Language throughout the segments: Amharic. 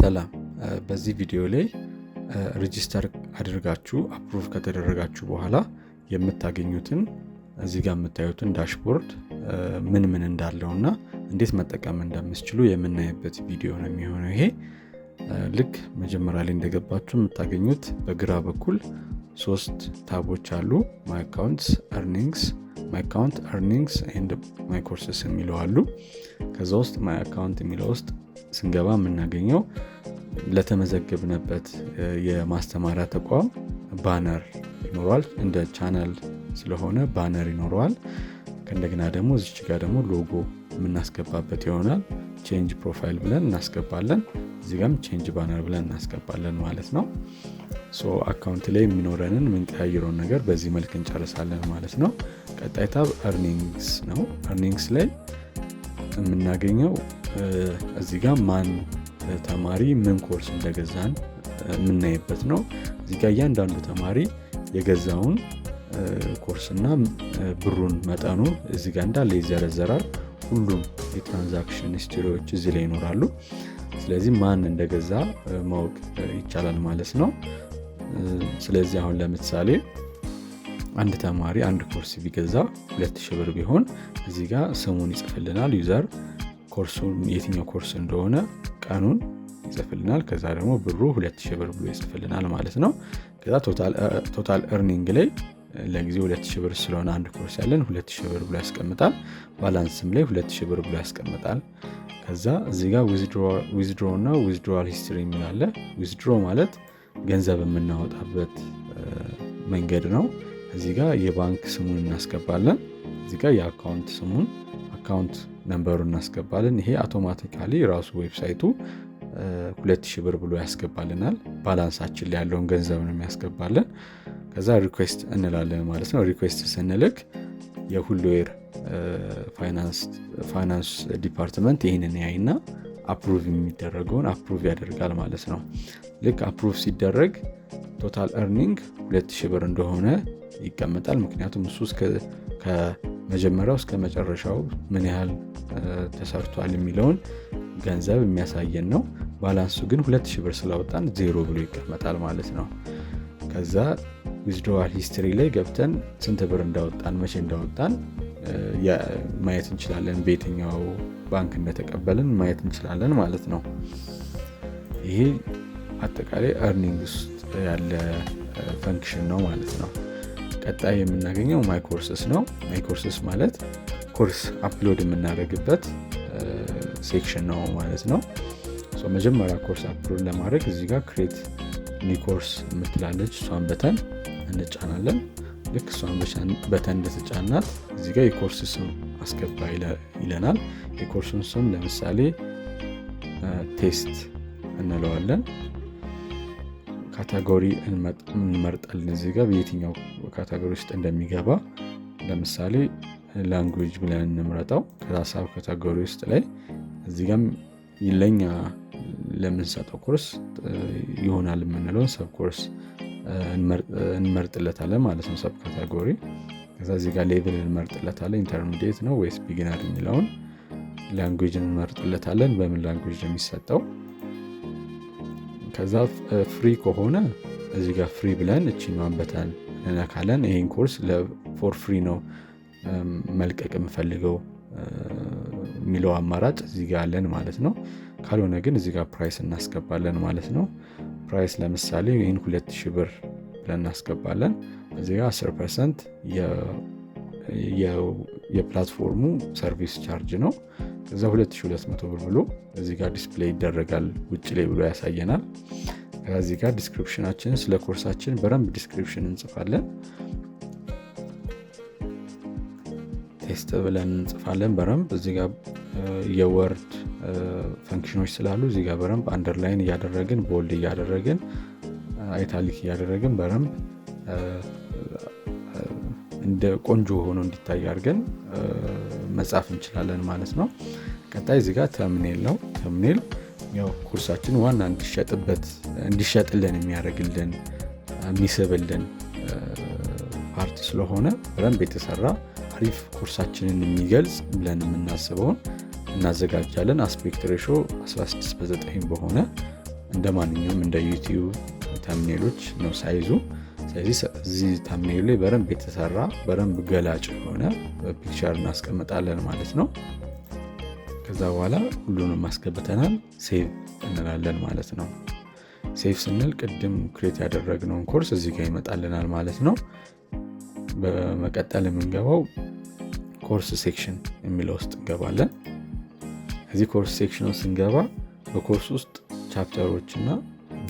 ሰላም በዚህ ቪዲዮ ላይ ሬጂስተር አድርጋችሁ አፕሩቭ ከተደረጋችሁ በኋላ የምታገኙትን እዚህ ጋር የምታዩትን ዳሽቦርድ ምን ምን እንዳለው እና እንዴት መጠቀም እንደምትችሉ የምናይበት ቪዲዮ ነው የሚሆነው። ይሄ ልክ መጀመሪያ ላይ እንደገባችሁ የምታገኙት በግራ በኩል ሶስት ታቦች አሉ። ማይ አካውንትስ፣ ኤርኒንግስ ማይ አካውንት ኤርኒንግስ ኤንድ ማይ ኮርስስ የሚለው አሉ። ከዛ ውስጥ ማይ አካውንት የሚለው ውስጥ ስንገባ የምናገኘው ለተመዘገብንበት የማስተማሪያ ተቋም ባነር ይኖረዋል። እንደ ቻናል ስለሆነ ባነር ይኖረዋል። ከእንደገና ደግሞ እዚች ጋር ደግሞ ሎጎ የምናስገባበት ይሆናል። ቼንጅ ፕሮፋይል ብለን እናስገባለን። እዚጋም ቼንጅ ባነር ብለን እናስገባለን ማለት ነው። አካውንት ላይ የሚኖረንን የምንቀያይረውን ነገር በዚህ መልክ እንጨርሳለን ማለት ነው። ቀጣይ ታብ እርኒንግስ ነው። ርኒንግስ ላይ የምናገኘው እዚጋ ማን ተማሪ ምን ኮርስ እንደገዛን የምናይበት ነው። እዚጋ እያንዳንዱ ተማሪ የገዛውን ኮርስና ብሩን መጠኑ እዚጋ እንዳለ ይዘረዘራል። ሁሉም የትራንዛክሽን ሂስትሪዎች እዚህ ላይ ይኖራሉ። ስለዚህ ማን እንደገዛ ማወቅ ይቻላል ማለት ነው። ስለዚህ አሁን ለምሳሌ አንድ ተማሪ አንድ ኮርስ ቢገዛ ሁለት ሺህ ብር ቢሆን እዚህ ጋር ስሙን ይጽፍልናል ዩዘር ኮርሱን የትኛው ኮርስ እንደሆነ ቀኑን ይጽፍልናል። ከዛ ደግሞ ብሩ ሁለት ሺ ብር ብሎ ይጽፍልናል ማለት ነው። ከዛ ቶታል እርኒንግ ላይ ለጊዜ ሁለት ብር ስለሆነ አንድ ኮርስ ያለን ሁለት ብር ብሎ ያስቀምጣል። ባላንስም ላይ ሁለት ሺ ብር ብሎ ያስቀምጣል። ከዛ እዚጋ ጋር ዊዝድሮ እና ዊዝድሮዋል ሂስትሪ የሚላለ ዊዝድሮ ማለት ገንዘብ የምናወጣበት መንገድ ነው። እዚህ ጋ የባንክ ስሙን እናስገባለን። እዚህ ጋር የአካውንት ስሙን አካውንት ነንበሩ እናስገባለን። ይሄ አውቶማቲካሊ ራሱ ዌብሳይቱ ሁለት ሺህ ብር ብሎ ያስገባልናል። ባላንሳችን ላይ ያለውን ገንዘብ ነው የሚያስገባለን። ከዛ ሪኩዌስት እንላለን ማለት ነው። ሪኩዌስት ስንልክ የሁሉ ፋይናንስ ዲፓርትመንት ይህንን ያይና አፕሩቭ የሚደረገውን አፕሩቭ ያደርጋል ማለት ነው። ልክ አፕሩቭ ሲደረግ ቶታል ርኒንግ ሁለት ብር እንደሆነ ይቀመጣል። ምክንያቱም እሱ ከመጀመሪያው እስከ መጨረሻው ምን ያህል ተሰርቷል የሚለውን ገንዘብ የሚያሳየን ነው። ባላንሱ ግን ሁለት ብር ስላወጣን ዜሮ ብሎ ይቀመጣል ማለት ነው። ከዛ ዊዝድሮዋል ሂስትሪ ላይ ገብተን ስንት ብር እንዳወጣን መቼ እንዳወጣን ማየት እንችላለን። በየትኛው ባንክ እንደተቀበልን ማየት እንችላለን ማለት ነው። ይሄ አጠቃላይ እርኒንግ ውስጥ ያለ ፈንክሽን ነው ማለት ነው። ቀጣይ የምናገኘው ማይኮርስስ ነው። ማይኮርስስ ማለት ኮርስ አፕሎድ የምናደርግበት ሴክሽን ነው ማለት ነው። መጀመሪያ ኮርስ አፕሎድ ለማድረግ እዚህ ጋር ክሬት ኒው ኮርስ የምትላለች እሷን በተን እንጫናለን። ልክ እሷን በተን እንደተጫናት እዚህ ጋር የኮርስ ስም አስገባ ይለናል። የኮርሱን ስም ለምሳሌ ቴስት እንለዋለን። ካታጎሪ እንመርጣለን። እዚህ ጋር በየትኛው ካታጎሪ ውስጥ እንደሚገባ ለምሳሌ ላንጉጅ ብለን እንምረጠው። ከዛ ሳብ ካታጎሪ ውስጥ ላይ እዚህ ጋም ለኛ ለምንሰጠው ኮርስ ይሆናል የምንለውን ሰብ ኮርስ እንመርጥለታለን ማለት ነው፣ ሰብ ካታጎሪ ከዛ እዚህ ጋር ሌቭል እንመርጥለታለን። ኢንተርሚዲየት ነው ወይስ ቢግነር የሚለውን ላንጉጅ እንመርጥለታለን። በምን ላንጉጅ ነው የሚሰጠው? ከዛ ፍሪ ከሆነ እዚህ ጋር ፍሪ ብለን እችን ማንበታን እነካለን። ይህን ኮርስ ለፎር ፍሪ ነው መልቀቅ የምፈልገው የሚለው አማራጭ እዚህ ጋር አለን ማለት ነው። ካልሆነ ግን እዚህ ጋር ፕራይስ እናስገባለን ማለት ነው። ፕራይስ ለምሳሌ ይህን ሁለት ሺህ ብር ብለን እናስገባለን። እዚህ 10 ፐርሰንት የፕላትፎርሙ ሰርቪስ ቻርጅ ነው። እዛ 2200 ብር ብሎ እዚ ጋር ዲስፕሌይ ይደረጋል ውጭ ላይ ብሎ ያሳየናል። ከዚህ ጋር ዲስክሪፕሽናችን ስለ ኮርሳችን በረንብ ዲስክሪፕሽን እንጽፋለን። ቴስት ብለን እንጽፋለን በረንብ እዚ ጋር የወርድ ፈንክሽኖች ስላሉ እዚ ጋር በረንብ አንደርላይን እያደረግን ቦልድ እያደረግን አይታሊክ እያደረግን በረንብ እንደ ቆንጆ ሆኖ እንዲታይ አድርገን መጻፍ እንችላለን ማለት ነው። ቀጣይ እዚጋ ጋር ተምኔል ነው። ተምኔል ኩርሳችን ዋና እንዲሸጥበት እንዲሸጥልን የሚያደርግልን የሚስብልን ፓርት ስለሆነ በደንብ የተሰራ አሪፍ ኩርሳችንን የሚገልጽ ብለን የምናስበውን እናዘጋጃለን። አስፔክት ሬሾ 16 በ9 በሆነ እንደ ማንኛውም እንደ ዩቲዩብ ተምኔሎች ነው ሳይዙ ስለዚህ እዚህ ላይ በደንብ የተሰራ በደንብ ገላጭ የሆነ ፒክቸር እናስቀምጣለን ማለት ነው። ከዛ በኋላ ሁሉንም ማስገብተናል ሴቭ እንላለን ማለት ነው። ሴቭ ስንል ቅድም ክሬት ያደረግነውን ኮርስ እዚህ ጋር ይመጣልናል ማለት ነው። በመቀጠል የምንገባው ኮርስ ሴክሽን የሚለው ውስጥ እንገባለን። እዚህ ኮርስ ሴክሽን ስንገባ በኮርስ ውስጥ ቻፕተሮች እና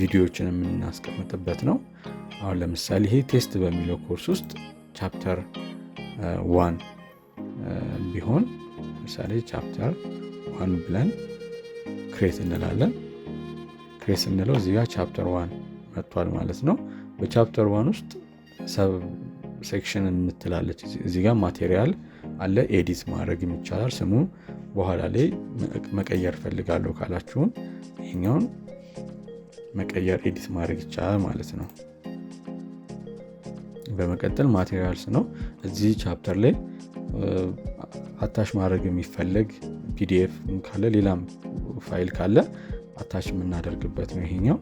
ቪዲዮዎችን የምናስቀምጥበት ነው። አሁን ለምሳሌ ይሄ ቴስት በሚለው ኮርስ ውስጥ ቻፕተር ዋን ቢሆን ለምሳሌ ቻፕተር ዋን ብለን ክሬት እንላለን። ክሬት ስንለው እዚህ ጋር ቻፕተር ዋን መጥቷል ማለት ነው። በቻፕተር ዋን ውስጥ ሰብ ሴክሽን እንትላለች። እዚህ ጋር ማቴሪያል አለ፣ ኤዲት ማድረግ የሚቻላል። ስሙ በኋላ ላይ መቀየር ፈልጋለሁ ካላችሁም ይሄኛውን መቀየር ኤዲት ማድረግ ይቻላል ማለት ነው። በመቀጠል ማቴሪያልስ ነው። እዚህ ቻፕተር ላይ አታሽ ማድረግ የሚፈለግ ፒዲኤፍ ካለ ሌላም ፋይል ካለ አታች የምናደርግበት ነው ይሄኛው።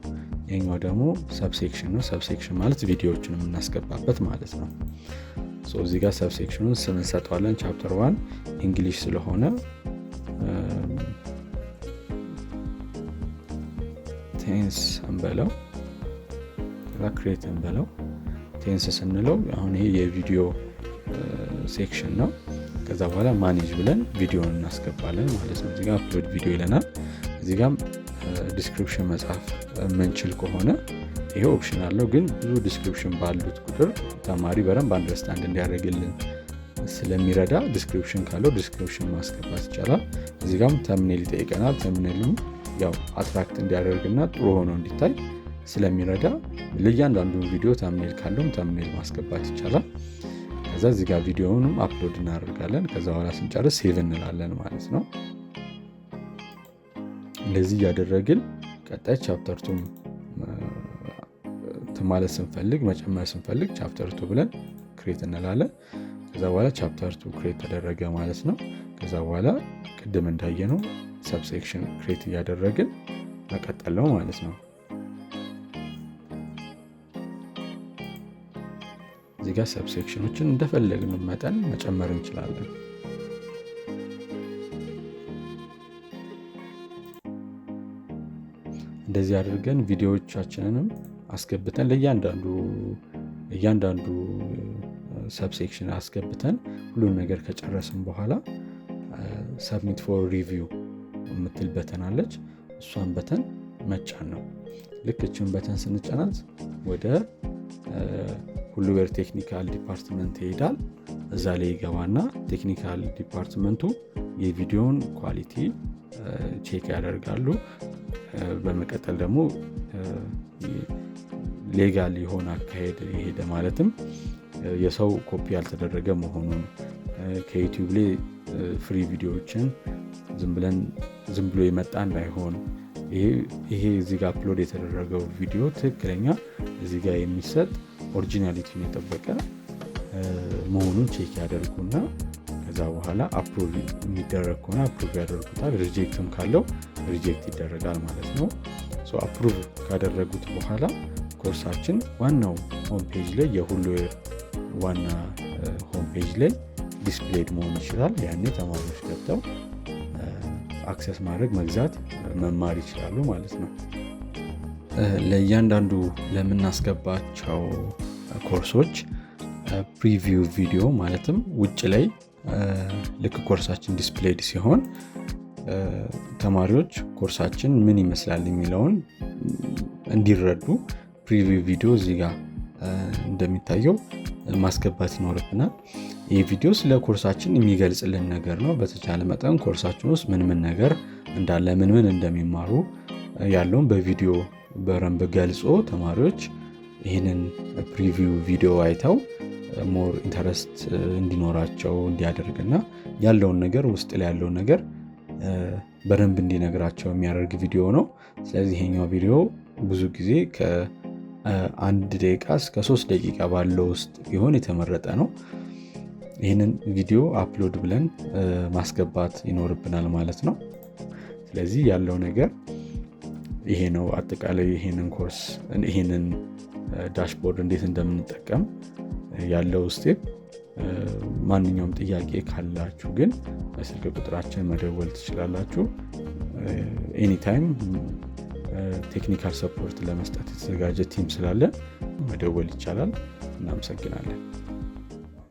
ይሄኛው ደግሞ ሰብሴክሽን ነው። ሰብሴክሽን ማለት ቪዲዮዎችን የምናስገባበት ማለት ነው። እዚህ ጋር ሰብሴክሽኑን ስም እንሰጠዋለን። ቻፕተር ዋን እንግሊሽ ስለሆነ ቴንስ እንበለው፣ ክሬት እንበለው ቴንስ ስንለው አሁን ይሄ የቪዲዮ ሴክሽን ነው። ከዛ በኋላ ማኔጅ ብለን ቪዲዮን እናስገባለን ማለት ነው። እዚጋ አፕሎድ ቪዲዮ ይለናል። እዚጋም ዲስክሪፕሽን መጽሐፍ የምንችል ከሆነ ይሄ ኦፕሽን አለው። ግን ብዙ ዲስክሪፕሽን ባሉት ቁጥር ተማሪ በደንብ አንደርስታንድ እንዲያደርግልን ስለሚረዳ ዲስክሪፕሽን ካለው ዲስክሪፕሽን ማስገባት ይቻላል። እዚጋም ተምኔል ይጠይቀናል። ተምኔልም ያው አትራክት እንዲያደርግና ጥሩ ሆኖ እንዲታይ ስለሚረዳ ለእያንዳንዱ ቪዲዮ ተምኔል ካለውም ተምኔል ማስገባት ይቻላል። ከዛ እዚህ ጋር ቪዲዮውንም አፕሎድ እናደርጋለን። ከዛ በኋላ ስንጨርስ ሴቭ እንላለን ማለት ነው። እንደዚህ እያደረግን ቀጣይ ቻፕተርቱም ማለት ስንፈልግ መጨመር ስንፈልግ ቻፕተርቱ ብለን ክሬት እንላለን። ከዛ በኋላ ቻፕተርቱ ክሬት ተደረገ ማለት ነው። ከዛ በኋላ ቅድም እንዳየነው ሰብሴክሽን ክሬት እያደረግን መቀጠል ነው ማለት ነው። እዚህ ጋር ሰብሴክሽኖችን እንደፈለግን መጠን መጨመር እንችላለን። እንደዚህ አድርገን ቪዲዮዎቻችንንም አስገብተን ለእያንዳንዱ እያንዳንዱ ሰብሴክሽን አስገብተን ሁሉን ነገር ከጨረስን በኋላ ሰብሚት ፎር ሪቪው የምትል በተን አለች። እሷን በተን መጫን ነው። ልክችን በተን ስንጫናት ወደ ሁሉዌር ቴክኒካል ዲፓርትመንት ይሄዳል። እዛ ላይ ይገባና ቴክኒካል ዲፓርትመንቱ የቪዲዮን ኳሊቲ ቼክ ያደርጋሉ። በመቀጠል ደግሞ ሌጋል የሆነ አካሄድ የሄደ ማለትም የሰው ኮፒ ያልተደረገ መሆኑን ከዩቲዩብ ላይ ፍሪ ቪዲዮዎችን ዝም ብሎ የመጣ እንዳይሆን ይሄ እዚህ ጋ አፕሎድ የተደረገው ቪዲዮ ትክክለኛ እዚህ የሚሰጥ ኦሪጂናሊቲን የጠበቀ መሆኑን ቼክ ያደርጉና ከዛ በኋላ አፕሮቭ የሚደረግ ከሆነ አፕሮቭ ያደርጉታል። ሪጀክትም ካለው ሪጀክት ይደረጋል ማለት ነው። አፕሩቭ ካደረጉት በኋላ ኮርሳችን ዋናው ሆም ፔጅ ላይ የሁሉ ዋና ሆም ፔጅ ላይ ዲስፕሌድ መሆን ይችላል። ያኔ ተማሪዎች ገብተው አክሰስ ማድረግ፣ መግዛት፣ መማር ይችላሉ ማለት ነው። ለእያንዳንዱ ለምናስገባቸው ኮርሶች ፕሪቪው ቪዲዮ ማለትም ውጭ ላይ ልክ ኮርሳችን ዲስፕሌድ ሲሆን ተማሪዎች ኮርሳችን ምን ይመስላል የሚለውን እንዲረዱ ፕሪቪው ቪዲዮ እዚህ ጋር እንደሚታየው ማስገባት ይኖርብናል። ይህ ቪዲዮ ስለ ኮርሳችን የሚገልጽልን ነገር ነው። በተቻለ መጠን ኮርሳችን ውስጥ ምን ምን ነገር እንዳለ ምን ምን እንደሚማሩ ያለውን በቪዲዮ በረንብ ገልጾ ተማሪዎች ይህንን ፕሪቪው ቪዲዮ አይተው ሞር ኢንተረስት እንዲኖራቸው እንዲያደርግና ያለውን ነገር ውስጥ ላይ ያለውን ነገር በደንብ እንዲነግራቸው የሚያደርግ ቪዲዮ ነው። ስለዚህ ይሄኛው ቪዲዮ ብዙ ጊዜ ከአንድ ደቂቃ እስከ ሶስት ደቂቃ ባለው ውስጥ ቢሆን የተመረጠ ነው። ይህንን ቪዲዮ አፕሎድ ብለን ማስገባት ይኖርብናል ማለት ነው። ስለዚህ ያለው ነገር ይሄ ነው አጠቃላይ ይሄንን ኮርስ ይሄንን ዳሽቦርድ እንዴት እንደምንጠቀም ያለው ስቴፕ። ማንኛውም ጥያቄ ካላችሁ ግን በስልክ ቁጥራችን መደወል ትችላላችሁ። ኤኒታይም ቴክኒካል ሰፖርት ለመስጠት የተዘጋጀ ቲም ስላለን መደወል ይቻላል። እናመሰግናለን።